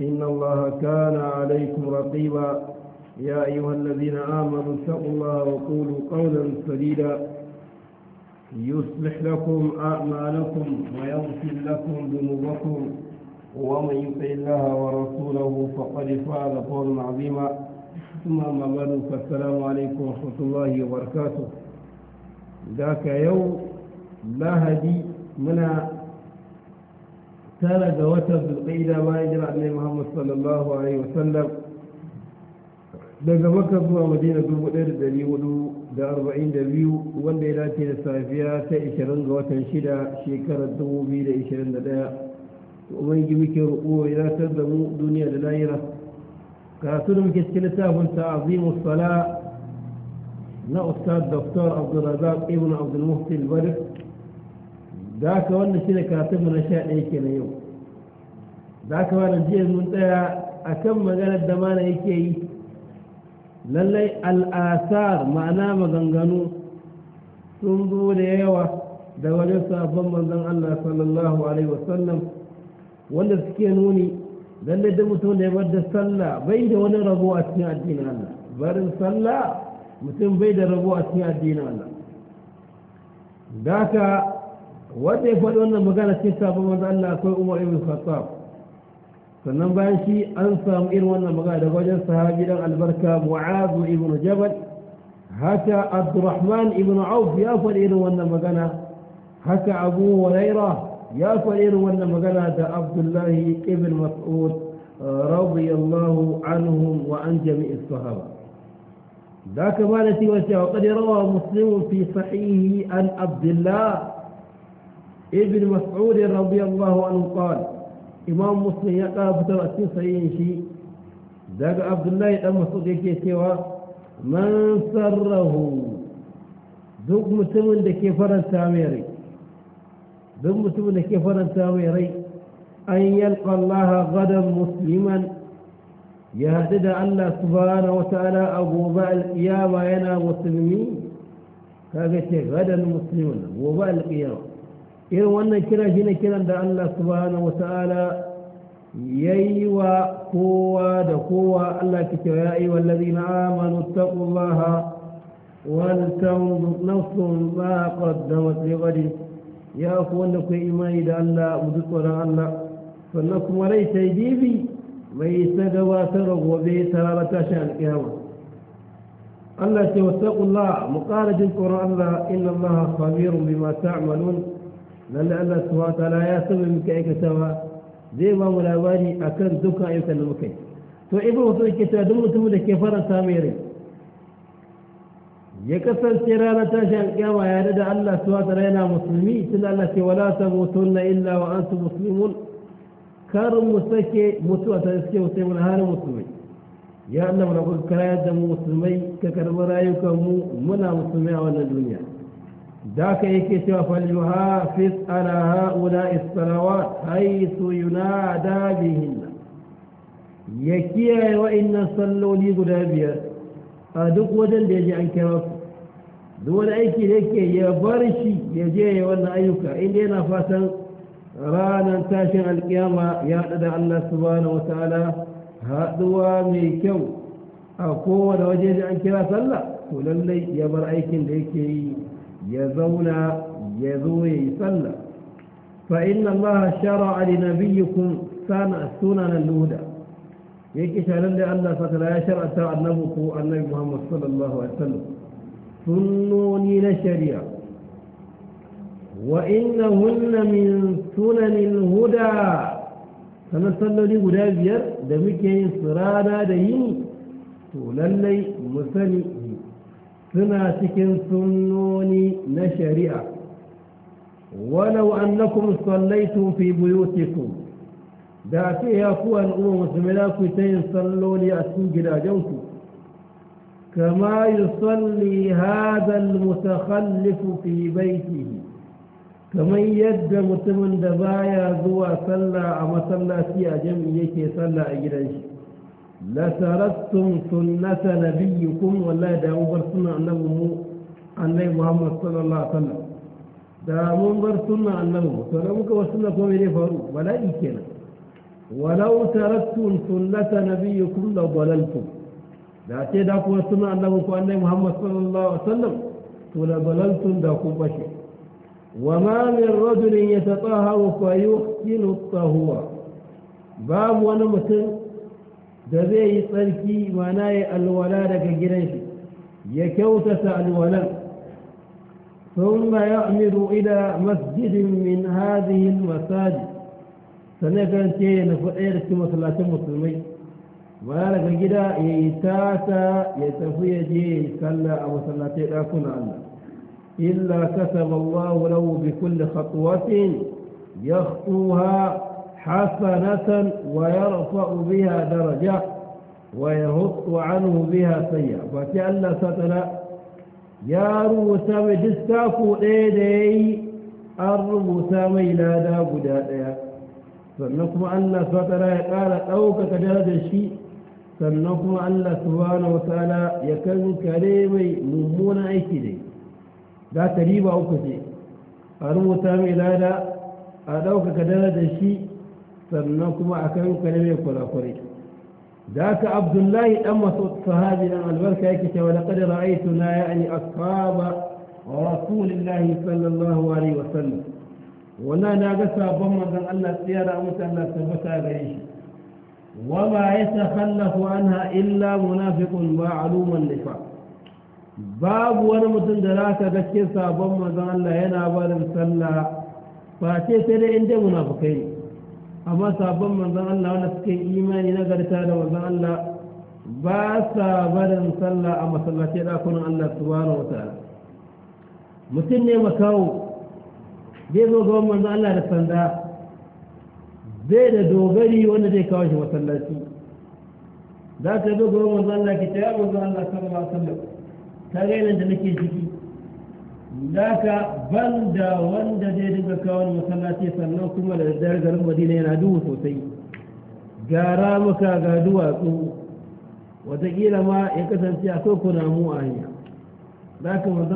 إن الله كان عليكم رقيبا يا أيها الذين آمنوا اتقوا الله وقولوا قولا سديدا يصلح لكم أعمالكم ويغفر لكم ذنوبكم ومن يطع الله ورسوله فقد فعل قولا عظيما ثم أما بعد فالسلام عليكم ورحمة الله وبركاته ذاك يوم لا هدي منا كان زواتر بالقيدة ما يجرى عليه محمد صلى الله عليه وسلم لقد وكفوا مدينة المؤدر دليو دو دا أربعين دليو وان ديلاتي نصافيا تأشرن غواتن شدا شكرا دو بيدا إشرن دا ومن جميك رقوه إلا تردمو دنيا دلائرة كاتون مكسكنا تاهم تعظيم الصلاة لا أستاذ دكتور عبد الرزاق ابن عبد المحسن البرك da haka wannan shi ne karatunmu na sha ɗaya ke na yau da haka wannan jiya mun tsaya a kan maganar da mana yake yi lallai al'asar ma'ana maganganu sun zo da yawa da wajen sabon manzon Allah sallallahu alaihi wasallam wanda suke nuni lallai da mutum da ya bar da sallah bai da wani rabo a cikin addinin Allah barin sallah mutum bai da rabo a cikin addinin Allah da wanda ya faɗi wannan magana cikin sabon manzo Allah akwai Umar ibn Khattab sannan bayan shi an samu irin wannan magana daga wajen sahabi dan albarka mu'az ibn Jabal haka Abdurrahman ibn Auf ya faɗi irin wannan magana haka Abu Hurairah ya faɗi irin wannan magana da Abdullahi ibn Mas'ud radiyallahu anhum wa an جميع sahaba ذاك ما نتي وقد روى مسلم في صحيحه عن عبد الله ابن مسعود رضي الله عنه قال امام مسلم يقال يقاب ترأسين سيئنشي ذاك عبد الله يقاب مسعود يكيسيوا من سره ذوق مسلم دا كفر التاميري ذوق مسلمون دا كفر التاميري أن يلقى الله غدا مسلما يهدد الله سبحانه وتعالى أبو باء القيامة ينا مسلمين كافة غدا مسلما أبو باء القيامة irin wannan kira shi ne kiran da Allah subhanahu wata'ala yayi wa kowa da kowa Allah ke cewa ya ayyuhal ladina amanu taqullaha wal tanzur nafsun ma qaddamat lighadin ya ku wanda ku imani da Allah mu tsoron Allah sannan kuma rai ta jibi mai ta gabatar gobe ta rana tashin alƙiyama Allah ce wattaqullah mu ƙara jin tsoron Allah inna Allah khabirun bima ta'malun lalle Allah subhanahu ta'ala ya saba muka aikatawa zai ba mu labari akan dukkan ayyukan da muka to ibn wasu yake cewa duk mutumin da ke faranta mai rai ya kasance ranar tashi alƙiyama ya da Allah subhanahu ta'ala yana musulmi tun Allah ce wala tamutunna illa wa antum muslimun karin mu sake mutuwa ta suke wasai mun hana musulmai ya Allah muna kuka kayar da mu musulmai ka karɓi rayukan mu muna musulmai a wannan duniya ذاك يكتب فليحافظ على هؤلاء الصلوات حيث ينادى بهن يكيا وإن صلوا لي قدابيا أدق ودن بيجي عن كراسه دول أيكي ليكي يبرشي يجي ولا أيك إن أنا فاتن رانا تاشن القيامة يا أدى الله سبحانه وتعالى هدوا ميكو أقوى وجيجي عن كراسه لا وللي يبر أيكي لكي يزونا يزوي صلى فإن الله شرع لنبيكم سنة سنن الهدى يكي شعر لأن الله فتلا يشرع ساعة نبوكو النبي محمد صلى الله عليه وسلم سنوني لشريع وإنهن من سنن الهدى سنسلوا لي الهدى بيار دمكين سرانا دهين تولى الهدى مسلم سنا تكن سنوني نشريع ولو أنكم صليتم في بيوتكم دا فيها قوان أمم سملاك تين صلوني أسنجنا جوت كما يصلي هذا المتخلف في بيته كما يد متمن دبايا ذوى صلى أما صلى فيها جمعيك صلى أجرانشي لتركتم سنة نبيكم والله داوبر سنة أنه annabi muhammad sallallahu alaihi wasallam da mun bar sunna annabi to da muka bar sunna ko me ne faru bala'i kenan walau taraktum sunnata nabiyyikum la dalaltum da ce da kuma sunna annabi ko annabi muhammad sallallahu alaihi wasallam to la dalaltum da ku bashi وما من رجل يتطهر فيحسن الطهور باب وانا مثل da zai yi tsarki mana ya alwala daga gidan shi ya kyautata alwalan ثم يأمر إلى مسجد من هذه المساجد سنكن شيء نفعير كما صلاة مسلمين ولا كجدا يتاتا يتفي جي صلى أو صلاة لكن الله إلا كتب الله له بكل خطوة يخطوها حسنة ويرفع بها درجة ويهط عنه بها سيئة فكأن ستنا يا روسامي تستافو ايدي سامي لا دا بدايا فنقم أن ستنا يقال أوك كجلد الشيء فنقم أن سبحانه وتعالى يكن كريمي ممون ايكدي لا تريب أوكتي الروسامي لا دا أوك كجلد الشيء sannan kuma a kan kalmai kurakurai ذاك عبد الله أما الصحابي لما البركة يكتب ولقد رأيتنا يعني أصحاب رسول الله صلى الله عليه وسلم ولا ناقصها بمضا الله سيارة أمس الله ثبتها بريش وما يتخلف عنها إلا منافق معلوم النفاق باب وانا متن دراك ذكر صابم مزان الله ينا بارم صلى فاتي سيدي عند منافقين amma sabon manzon Allah wanda suke imani na garta da manzon Allah ba sa barin sallah a masallatai dakunan Allah subhanahu wataala mutum ne makawo zai zo gaban manzon Allah da sanda zai da dogari wanda zai kawo shi masallaci za ka zo gaban manzon Allah ki ta manzon Allah sallallahu alaihi wasallam ta ga da nake ciki zaka ban da wanda zai dinga kawo masallaci sannan kuma da daddare garin madina yana duhu sosai ga ramuka ga duwatsu wataƙila ma ya kasance akwai mu a hanya